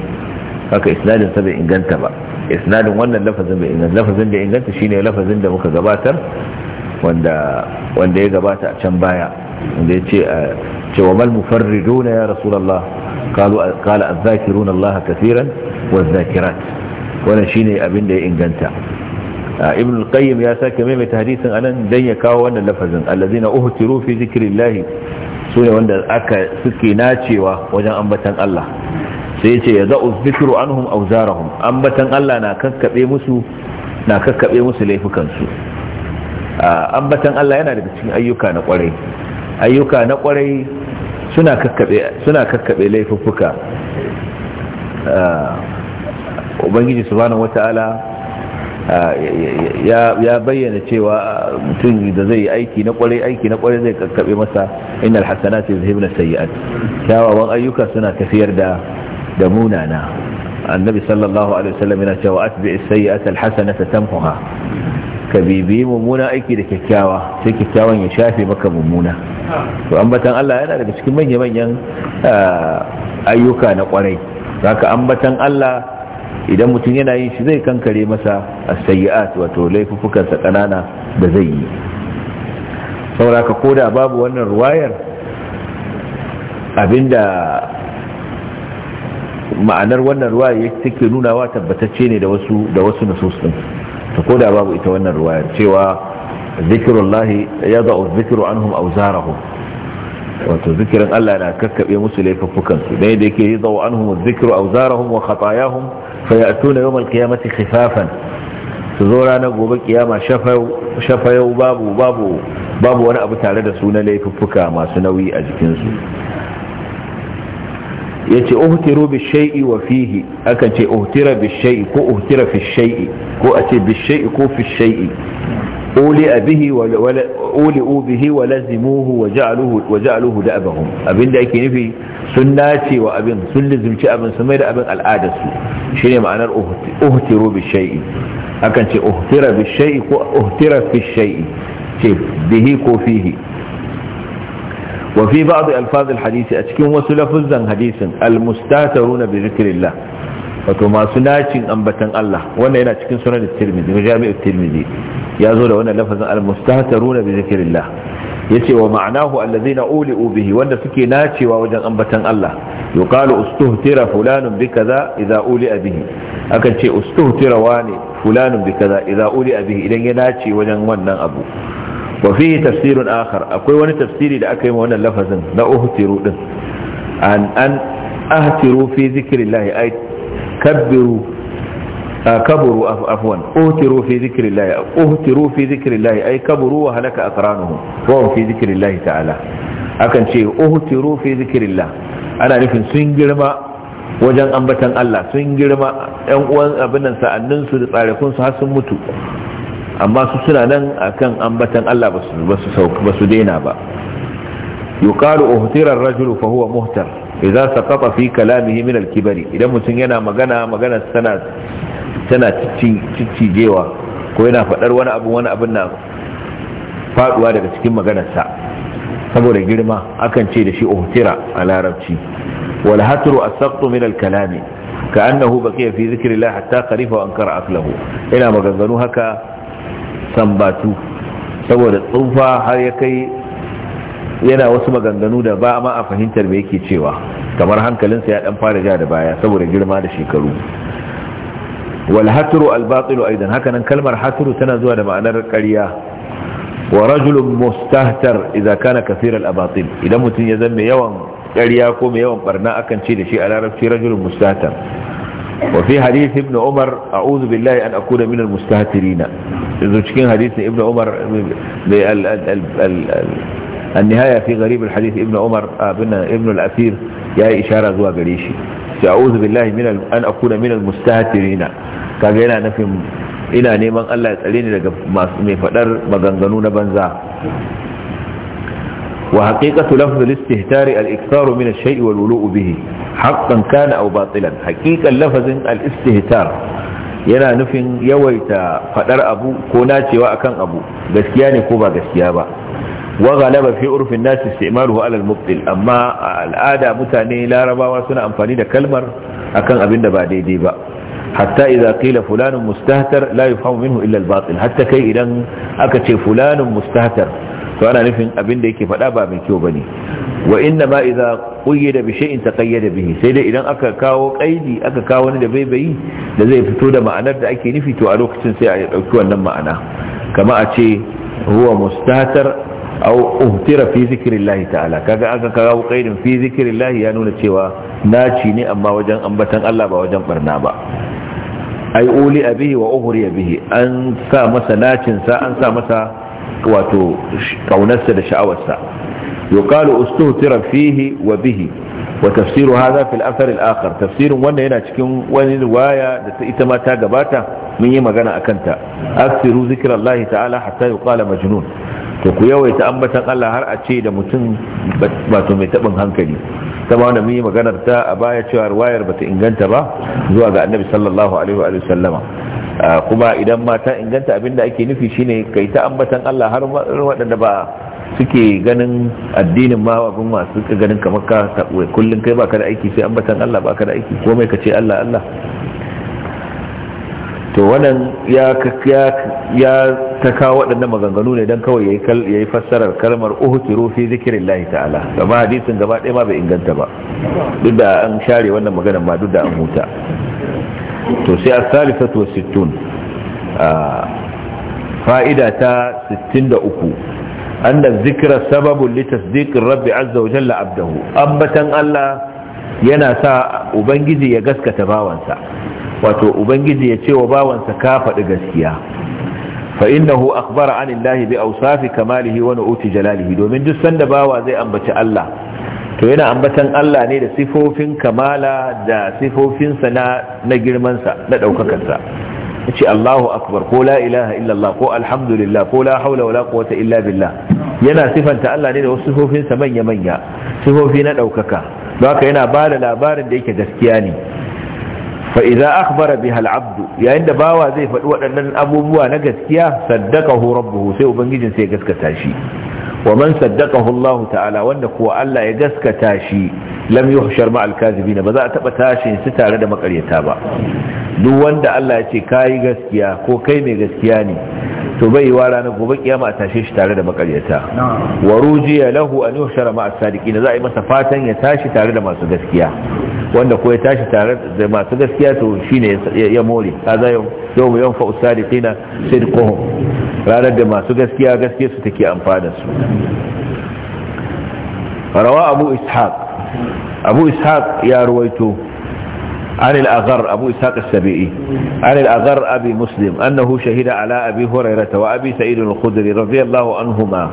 haka isnadin sa bai inganta ba isnadin wannan lafazin bai inganta lafazin da inganta shine lafazin da muka gabatar wanda wanda ya gabata a can baya wanda ya ce ce wa mal mufarriduna ya rasulullah qalu qala adh-dhakiruna allaha kaseeran wadh-dhakirat wannan shine abin da ya inganta ibn al-qayyim ya sake mai hadisin anan dan ya kawo wannan lafazin allazina uhtiru fi zikrillah sune wanda aka suke nacewa wajen ambatan Allah sai yace ya za'u dhikru anhum awzarahum ambatan Allah na kakkabe musu na kakkabe musu laifukan su ambatan Allah yana daga cikin ayyuka na kwarai ayyuka na kwarai suna kakkabe suna kakkabe laifuka ubangiji subhanahu wata'ala ya bayyana cewa mutum da zai aiki na kwarai aiki na kwarai zai kakkabe masa innal hasanati yuzhibna sayyi'at kyawawan ayyuka suna tafiyar da da munana annabi sallallahu alaihi wasallam yana cewa atbi'is sayyi'ata alhasanata tamhuha ka bibiyi mummuna aiki da kyakkyawa sai kyakkyawan ya shafe maka mummuna to ambatan Allah yana daga cikin manya-manyan ayyuka na kwarai zaka ambatan Allah idan mutum yana yin shi zai kankare masa as-sayyi'at wato laifukan sa kanana da zai yi saboda ko da babu wannan ruwayar abinda ma'anar wannan ruwayar yake take nunawa tabbatacce ne da wasu da wasu nusus din to koda babu ita wannan ruwayar cewa zikrullahi yada'u zikru anhum awzarahum wato zikirin Allah na kakkabe musu laifukan su dai da yake yada'u anhum zikru awzarahum wa khatayahum fayatuna yawmal qiyamati khifafan su zo ranar gobe kiyama shafayau babu babu babu wani abu tare da su na laifuffuka masu nauyi a jikinsu ce uhtiru bi shay'i wa fihi akan ce uhtira bi shay'i ko uhtira fi shay'i ko a ce bi shay'i ko fi shay'i uli abihi wa uli ubihi wa lazimuhu wa ja'aluhu wa ja'aluhu da'abahum abinda yake nufi sun nace wa abin sun lizimci abin mai da abin al'ada su shine ma'anar uhtiru bi shay'i akan ce uhtira bi shay'i ko uhtira fi shay'i ce bihi ko fihi wa fi ba'd alfaz alhadisi a cikin wasu lafuzan hadisin almustataruna bi zikrillah wato masu nacin ambatan Allah wannan yana cikin sunan tirmidhi ga jami'u tirmidhi ya zo da wannan lafazin almustataruna bi zikrillah yace wa ma'anahu allazina uli'u bihi wanda suke nacewa wajen ambatan Allah yuqalu ustuhtira fulanun bi kaza idza uli'a bihi akan ce ustuhtira wani fulanun bi kaza idza uli'a bihi idan ya nace wajen wannan abu wa fihi tafsirun akhar akwai wani tafsiri da aka yi ma wannan lafazin na uhtiru din an an ahtiru fi zikrillah ay kabbiru kaburu afwan uhtiru fi zikrillah uhtiru fi zikrillah ay kaburu wa halaka aqranuhum wa hum fi zikrillah ta'ala akan ce uhtiru fi zikrillah ana nufin sun girma wajen ambatan Allah sun girma yan uwan abin nan sa'annin su da tsarekun su har sun mutu amma su suna nan a kan ambatan Allah ba su daina ba yuqalu uhtira ar-rajulu fa huwa muhtar idza saqata fi kalamihi min al-kibri idan mutum yana magana magana tana tana ciccijewa ko yana fadar wani abu wani abin na faduwa daga cikin maganarsa saboda girma akan ce da shi uhtira a larabci wal hatru as-saqtu min al-kalami كأنه بقي في ذكر الله حتى خريف ankara أكله ina maganganu haka. sambatu saboda tsufa har ya kai yana wasu maganganu da ba ma a fahimtar me yake cewa kamar hankalinsa ya dan fara ja da baya saboda girma da shekaru wal hatru al batil aidan haka nan kalmar hatru tana zuwa da ma'anar ƙarya wa rajulun mustahtar idza kana kaseer al idan mutun ya zama yawan ƙarya ko mai yawan barna akan ce da shi a larabci rajulun mustahtar وفي حديث ابن عمر أعوذ بالله أن أكون من المستهترين إذا كان حديث ابن عمر النهاية في غريب الحديث ابن عمر ابن الأثير يا إشارة زوا قريشي أعوذ بالله من أن أكون من المستهترين كان هنا نفهم ina neman Allah ya tsare ni daga masu mai fadar maganganu na banza وحقيقة لفظ الاستهتار الإكثار من الشيء والولوء به حقا كان أو باطلا حقيقة لفظ الاستهتار yana nufin yawaita fadar abu ko nacewa akan abu gaskiya ne ko ba gaskiya ba wa galaba fi urfin nas istimaluhu ala al amma al'ada mutane larabawa suna amfani da kalmar akan abin da ba daidai ba hatta idza qila fulanun mustahtar la yufhamu minhu illa al-batil hatta kai idan aka ce fulanun mustahtar to ana nufin abin da yake faɗa ba mai kyau bane wa inna ma idza da bi ta taqayyada bihi sai dai idan aka kawo kaidi aka kawo wani da baibayi da zai fito da ma'anar da ake nufi to a lokacin sai a ɗauki wannan ma'ana kama a ce huwa mustatar aw uhtira fi lahi ta'ala kaga aka kawo ƙa'idin fi lahi ya nuna cewa naci ne amma wajen ambatan Allah ba wajen barna ba ai uli abihi wa uhriya bihi an sa masa nacin sa an sa masa wato kaunarsa da sha'awarsa yuqalu ustuhtira fihi wa bihi wa tafsiru hadha fil athar al akhar tafsirin wannan yana cikin wani riwaya da ta ita ma ta gabata mun yi magana akan ta aksiru zikrallahi ta'ala hatta yuqala majnun to ku yawaita ambatan Allah har a ce da mutum wato mai tabin hankali sama wanda maganar ta a baya cewa wayar bata inganta ba zuwa ga annabi sallallahu alaihi wa sallama kuma idan ma ta inganta abinda ake nufi shine kai ta ambatan Allah har waɗanda ba suke ganin addinin ma abin masu suke ganin kamar ka kullum kai baka da aiki sai ambatan Allah baka da aiki komai ka ce Allah Allah to wannan ya ta kawo waɗannan maganganu ne don kawai ya yi fassarar kalmar uhtiru fi zikirin lahi ta'ala gama hadisin gaba ɗaya ma bai inganta ba duk da an share wannan maganar ma duk da an huta to sai a salisatu wa sittun ah, fa'ida ta 63 tasdiqir Rabbi Azza wa jalla عز ambatan Allah yana sa Ubangiji ya gaskata bawansa. wato ubangiji ya ce wa bawansa ka faɗi gaskiya fa innahu akhbara anillahi bi awsafi kamalihi wa nu'ti jalalihi domin duk sanda bawa zai ambaci Allah to yana ambatan Allah ne da sifofin kamala da sifofinsa na na girmansa na daukakarsa yace Allahu akbar ko la ilaha illa Allah ko alhamdulillah ko la haula wala quwwata illa billah yana sifanta Allah ne da wasu sifofinsa manya manya sifofi na daukaka haka yana ba da labarin da yake gaskiya ne fa idza akhbara biha al yayin da bawa zai faɗi waɗannan abubuwa na gaskiya saddaqahu rabbuhu sai ubangijin sai ya gaskata shi wa man saddaqahu ta'ala wanda ko Allah ya gaskata shi lam yuhshar ma al ba za a taba tashi su tare da makaryata ba duk wanda Allah ya ce kai gaskiya ko kai mai gaskiya ne to bai yi wa ranar gobe kiyama a tashe shi tare da makaryata wa rujiya lahu an yushara ma as-sadiqin za a yi masa fatan ya tashi tare da masu gaskiya wanda ko ya tashi tare da masu gaskiya to shine ya more kaza yau yau yau fa as-sadiqin sidquhum ranar da masu gaskiya gaskiya su take amfana su rawa abu ishaq abu ishaq ya ruwaito عن الأغر أبو إسحاق السبيعي عن الأغر أبي مسلم أنه شهد على أبي هريرة وأبي سعيد الخدري رضي الله عنهما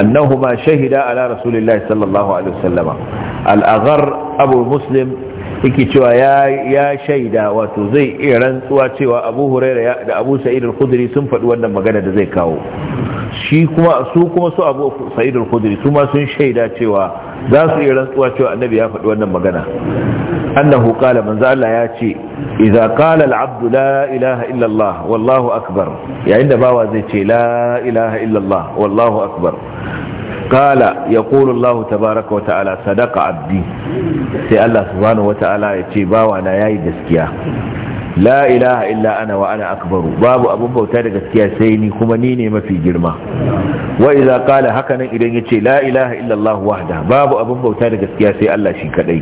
أنهما شهدا على رسول الله صلى الله عليه وسلم الأغر أبو مسلم yake cewa ya shaida wato zai iya rantsuwa cewa abu huraira da abu sa'id al-khudri sun faɗi wannan magana da zai kawo shi kuma su kuma su abu sa'id al-khudri su ma sun shaida cewa za su iya rantsuwa cewa annabi ya faɗi wannan magana annahu qala manzo Allah ya ce idza qala al-abdu la ilaha illa Allah wallahu akbar yayin da bawa zai ce la ilaha illa Allah wallahu akbar qala yaqulu Allah tabaaraka wa ta'ala sadaqa abdi sai Allah subhanahu wa ta'ala ya ce bawa na yayi gaskiya la ilaha illa ana wa ana akbaru babu abun bauta da gaskiya sai ni kuma ni ne mafi girma wa idza qala hakanan idan yace la ilaha illa allah wahda babu abun bauta da gaskiya sai allah shi kadai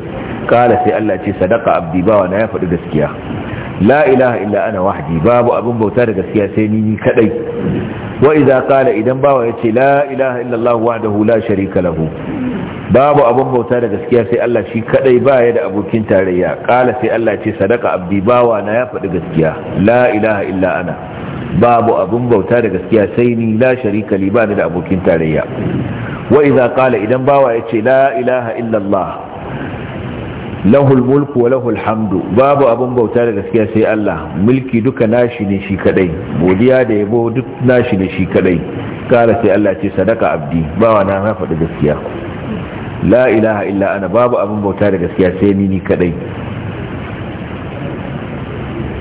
qala sai allah ce sadaqa abdi bawa na ya faɗi gaskiya la ilaha illa ana wahdi babu abin bauta da gaskiya sai ni ni kadai wa idza idan bawa yace la ilaha illallah wahdahu la sharika lahu babu abun bauta da gaskiya sai Allah shi kadai baya da abokin tarayya kala sai Allah ce sadaka abdi bawa na ya faɗi gaskiya la ilaha illa ana babu abun bauta da gaskiya sai ni la sharika li bani da abokin tarayya wa idza idan bawa yace la ilaha illallah lahul mulku wa lahul hamdu babu abun bauta da gaskiya sai Allah mulki duka nashi ne shi kadai godiya da yabo duk nashi ne shi kadai kara sai Allah ce sadaka abdi bawa na na faɗi gaskiya la ilaha illa ana babu abun bauta da gaskiya sai ni ni kadai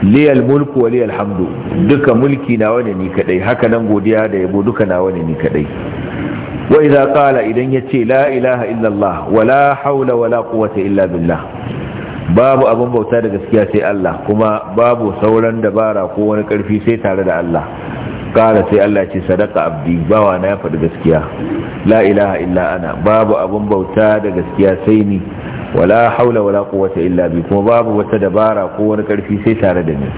liyal mulku wa liyal hamdu duka mulki nawa ne ni kadai haka nan godiya da yabo duka nawa ne ni kadai Wa'iza idza idan ya ce, ilaha illa Allah wala haula wala quwwata illa billah babu abin bauta da gaskiya sai Allah kuma babu sauran dabara ko wani karfi sai tare da Allah kala sai Allah ce sadaka abdi bawa na ya faɗi gaskiya la ilaha illa ana babu abin bauta da gaskiya sai ni wala haula wala quwwata illa bi kuma babu wata dabara ko wani karfi sai tare da ni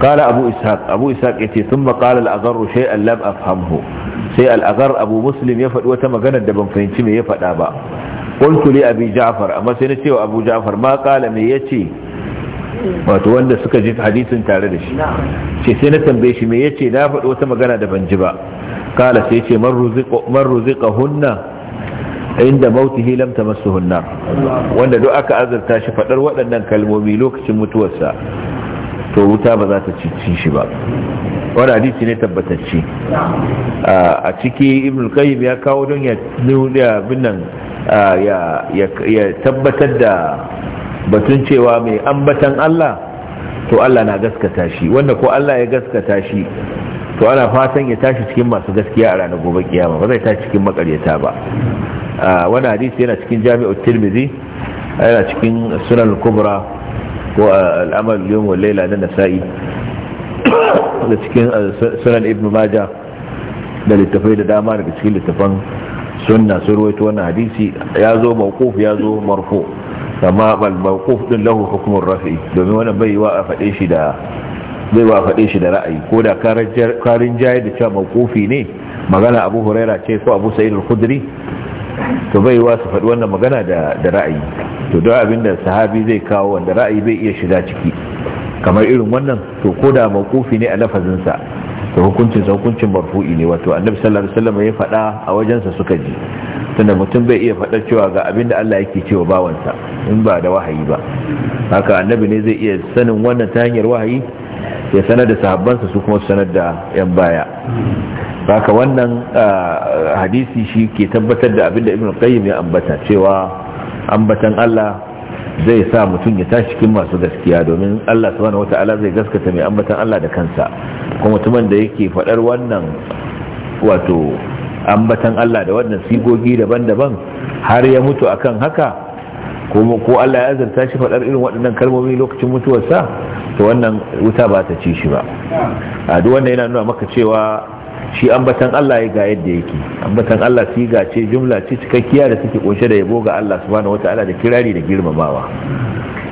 kala abu abu ishaq yace thumma qala al-azhar shay'an lam afhamhu sai al'azhar abu muslim ya faɗi wata magana da ban fahimci mai ya faɗa ba qultu li abi ja'far amma sai na ce wa abu ja'far ma qala me yace wato wanda suka ji hadisin tare da shi ce sai na tambaye shi me yace na faɗi wata magana da ban ji ba kala sai ce man ruziƙa hunna inda mautihi lam tamassu hunna wanda duk aka azurta shi faɗar waɗannan kalmomi lokacin mutuwarsa to wuta ba za ta ci shi ba wani hadisi ne tabbatacce a ciki ibn qayyim ya kawo don ya nuna nan ya tabbatar da batun cewa mai ambatan Allah to Allah na gaskata shi wanda ko Allah ya gaskata shi to ana fatan ya tashi cikin masu gaskiya a ranar gobe kiyama ba zai tashi cikin makaryata ba wani hadisi yana cikin jami'u tirmidhi yana cikin sunan kubra ko al'amal yawm wal layla na nasa'i da cikin uh, sunan ibn majah da littafai da dama daga cikin littafan sunna sun ruwaito wannan hadisi ya zo mawquf ya zo marfu amma bal mawquf din lahu hukumur rafi domin wannan bai wa a fade shi da bai wa a shi da ra'ayi ko da karin jayi da cewa mawqufi ne magana Abu Huraira ce ko Abu Sa'id al-Khudri to bai su faɗi wannan magana da ra'ayi to don abin da sahabi zai kawo wanda ra'ayi bai iya shiga ciki kamar irin wannan to ko da maƙufi ne a lafazinsa to hukuncin sa hukuncin marfu'i ne wato annabi sallallahu alaihi wasallam ya faɗa a wajensa suka ji tunda mutum bai iya faɗar cewa ga abin da Allah yake cewa bawansa in ba da wahayi ba haka annabi ne zai iya sanin wannan ta hanyar wahayi ya sanar da sahabbansa su kuma sanar da yan baya haka wannan hadisi shi ke tabbatar da abinda ibn qayyim ya ambata cewa ambatan Allah zai sa mutum ya tashi cikin masu gaskiya domin Allah subhanahu wata'ala zai gaskata mai ambatan Allah da kansa kuma mutumin da yake faɗar wannan wato ambatan Allah da wannan sigogi daban-daban har ya mutu akan haka kuma ko Allah ya azurta shi faɗar irin waɗannan kalmomi lokacin mutuwarsa to wannan wuta ba ta ci shi ba a duk wannan yana nuna maka cewa shi ambatan Allah ya ga yadda yake ambatan Allah siga ce jumla ce cikakkiya da take kunshe da yabo ga Allah subhanahu wataala da kirari da girmamawa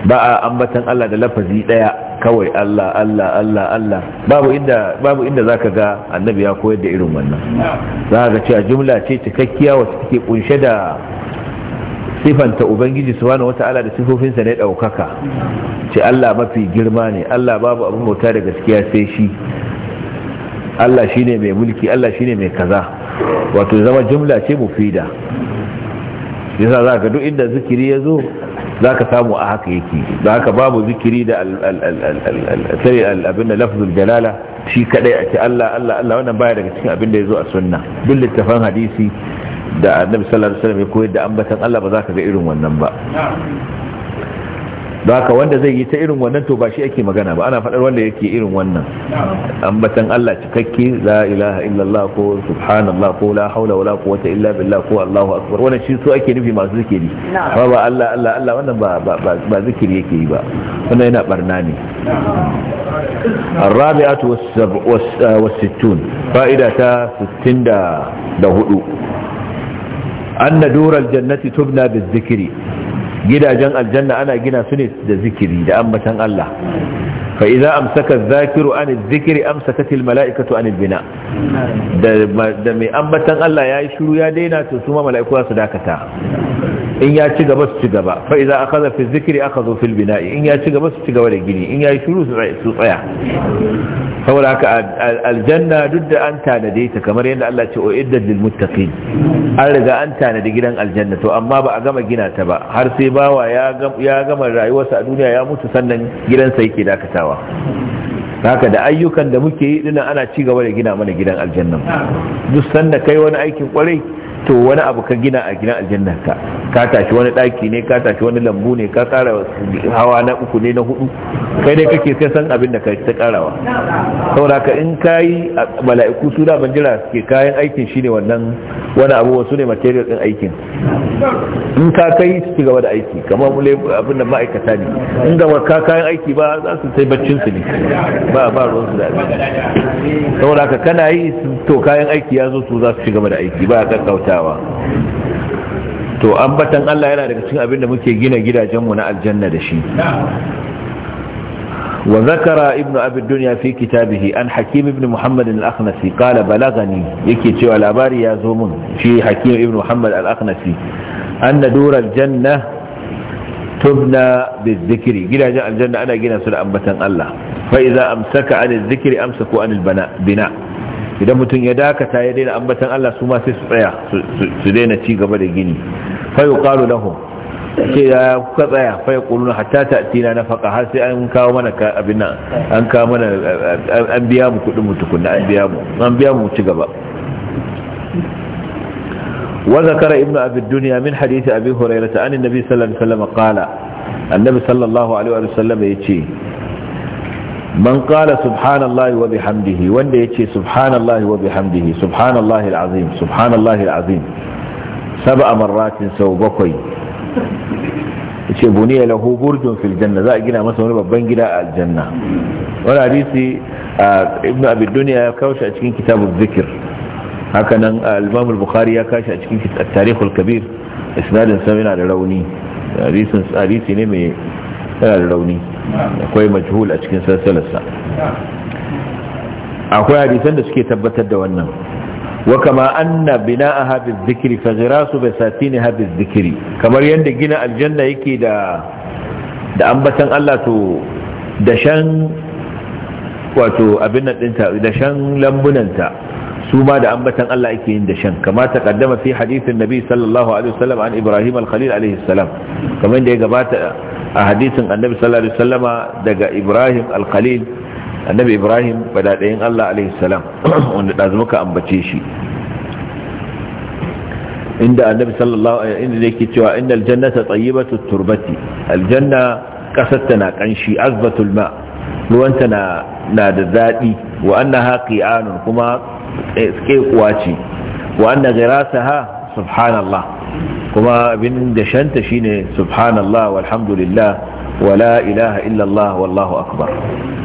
ba a ambatan Allah da lafazi daya kawai Allah Allah Allah Allah babu inda babu inda zaka ga annabi ya koyar da irin wannan Za a ga a jumla ce cikakkiya wacce take kunshe da sifanta ubangiji subhanahu wataala da sifofinsa ne daukaka ce Allah mafi girma ne Allah babu abin bauta da gaskiya sai shi Allah shine mai mulki Allah shine mai kaza wato zama jumla ce mufida yasa za ka duk inda zikiri ya zo za ka samu a haka yake za haka babu zikiri da abin da lafzul jalala shi kadai a ce Allah Allah Allah wannan baya daga cikin abin da ya zo a sunna duk littafan hadisi da annabi sallallahu alaihi wasallam ya koyar da ambatan Allah ba za ka ga irin wannan ba don haka wanda zai yi ta irin wannan to ba shi ake magana ba ana faɗar wanda yake irin wannan ambatan Allah cikakke la ilaha illallah ko subhanallah ko la haula wala quwwata illa billah ko Allahu akbar wannan shi so ake nufi masu zikiri ba ba Allah Allah Allah wannan ba ba zikiri yake yi ba wannan yana barna ne الرابعة والستون فائدة ستين دا هدو أن دور الجنة تبنى بالذكر gidajen aljanna ana gina su ne da zikiri da ambatan Allah fa idza amsaka adh-dhakiru an adh-dhikri malaikatu an bina da mai ambatan Allah yayi shiru ya daina to su ma su dakata in ya ci gaba su ci gaba fa idza akhadha fi adh-dhikri akhadhu fi in ya ci gaba su ci gaba da gini in yayi shiru su tsaya saboda haka aljanna duk da an tanade ta kamar yadda Allah ce uiddat lil muttaqin an riga an tanadi gidan aljanna to amma ba a gama gina ta ba har sai bawa ya gama rayuwarsa a duniya ya mutu sannan gidansa yake dakatawa ginawa haka da ayyukan da muke yi dinan ana ci gaba da gina mana gidan aljanna duk sanda kai wani aikin kwarai to wani abu ka gina a gina aljannar ka ka tashi wani daki ne ka tashi wani lambu ne ka kara hawa na uku ne na hudu kai dai kake sai san abin da ka ta karawa saboda ka in kai mala'iku su da ban jira ke kayan aikin shine wannan wani abu wasu ne material din aikin in ka kai su ci gaba da aiki kamar mu abin da ma'aikata ne in ga ka kayan aiki ba za su sai baccin su ne ba ba ruwan su da saboda ka kana yi to kayan aiki ya zo su za su ci gaba da aiki ba ka kauta gidawa to ambatan Allah yana daga cikin abinda muke gina gidajenmu na aljanna da shi wa zakara ibnu abi dunya fi kitabihi an hakim ibnu muhammad al-aqnasi qala balagani yake cewa labari ya zo mun shi hakim ibnu muhammad al-aqnasi anna dura aljanna tubna bizikri gidajen aljanna ana gina su da ambatan Allah Fa'iza iza amsaka an zikri amsaku an bina idan mutum ya dakata ya daina ambatan Allah su ma sai su tsaya su daina ci gaba da gini fa yuqalu lahum ce ya kuka tsaya fai kulun hatta ta tina na faka har sai an kawo mana abin nan an kawo mana an biya mu kudin mu tukunna an biya mu an biya mu ci gaba wa zakara ibnu abi dunya min hadith abi hurairah an annabi sallallahu alaihi wasallam qala annabi sallallahu alaihi wasallam yace man qala subhanallahi wa bihamdihi wanda yace subhanallahi wa bihamdihi subhanallahi alazim subhanallahi alazim sab'a marratin sau bakwai yace buniya lahu burjun fil janna za a gina masa wani babban gida a aljanna wani hadisi ibn abi ya kawo shi a cikin kitabuz zikr haka nan bukhari ya kawo shi a cikin kabir isnadin da rauni hadisi ne tana da rauni akwai majhul a cikin salsalarsa akwai hadisan da suke tabbatar da wannan wa kama anna bina'aha bizikri fa ghirasu basatinha zikiri kamar yadda gina aljanna yake da da ambatan Allah to da shan wato abin da shan lambunanta su ma da ambatan Allah ake yin dashen kama ta kaddama fi hadisin nabi sallallahu alaihi wasallam an ibrahim al-khalil alaihi salam kamar da ya gabata a hadisin annabi sallallahu alaihi wasallama daga ibrahim al-khalil annabi ibrahim badadayin Allah alaihi salam *clears throat* wanda dazu muka ambace shi inda annabi sallallahu alaihi inda yake cewa innal jannata tayyibatu turbati aljanna kasar na kanshi azbatul ma ruwanta na na da dadi wa annaha qi'anun kuma kuwa ce wa anna ghirasaha subhanallah kuma abin da shanta shine subhanallah walhamdulillah wala ilaha illallah wallahu akbar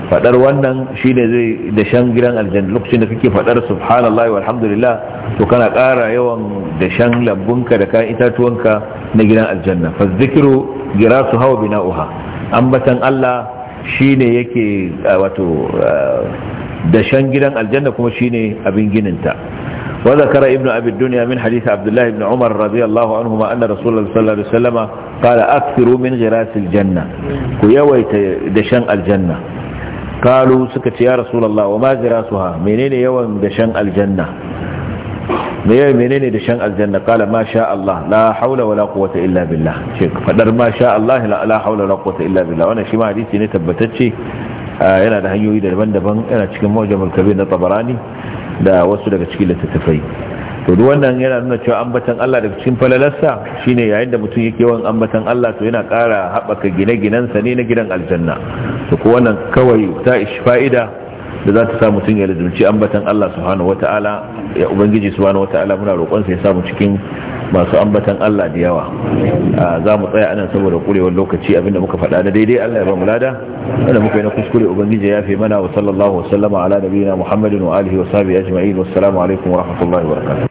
fadar wannan shine zai dashan gidan aljanna lokacin da kake fadar subhanallah walhamdulillah to kana ƙara yawan dashan lambunka da kayan itatuwanka na gidan aljanna fa zikru girasu hawa bina'uha ambatan Allah shine yake wato dashen gidan aljanna kuma shine abin gininta wa zakara ibnu abi dunya min hadith abdullah ibn umar radiyallahu anhuma anna rasulullah sallallahu alaihi wasallam qala akthiru min ghiras janna ku yawaita dashen aljanna kalu suka ce ya rasulullah wa ma girasuha menene yawan dashen aljanna me yayi menene da shan aljanna qala ma sha Allah la haula wala quwwata illa billah ce fadar ma sha Allah la haula wala quwwata illa billah wannan shi ma hadisi ne tabbatacce yana da hanyoyi daban-daban yana cikin mawjamul kabir na tabarani da wasu daga cikin littattafai to duk wannan yana nuna cewa ambatan Allah daga cikin falalarsa shine yayin da mutum yake yawan ambatan Allah to yana ƙara haɓaka gine-ginensa ne na gidan aljanna to ko wannan kawai ta ishi fa'ida da za ta sa mutum ya lazumci ambatan Allah subhanahu wata'ala ya ubangiji subhanahu wata'ala muna roƙon sai ya samu cikin masu ambatan Allah da yawa za mu tsaya anan saboda kurewar lokaci abinda muka faɗa na daidai Allah ya ba mu lada wanda muka yi na kuskure ubangiji ya fi mana wa sallallahu wa sallama ala nabiyina Muhammadin wa alihi wa sahbihi ajma'in wassalamu alaikum wa rahmatullahi wa barakatuh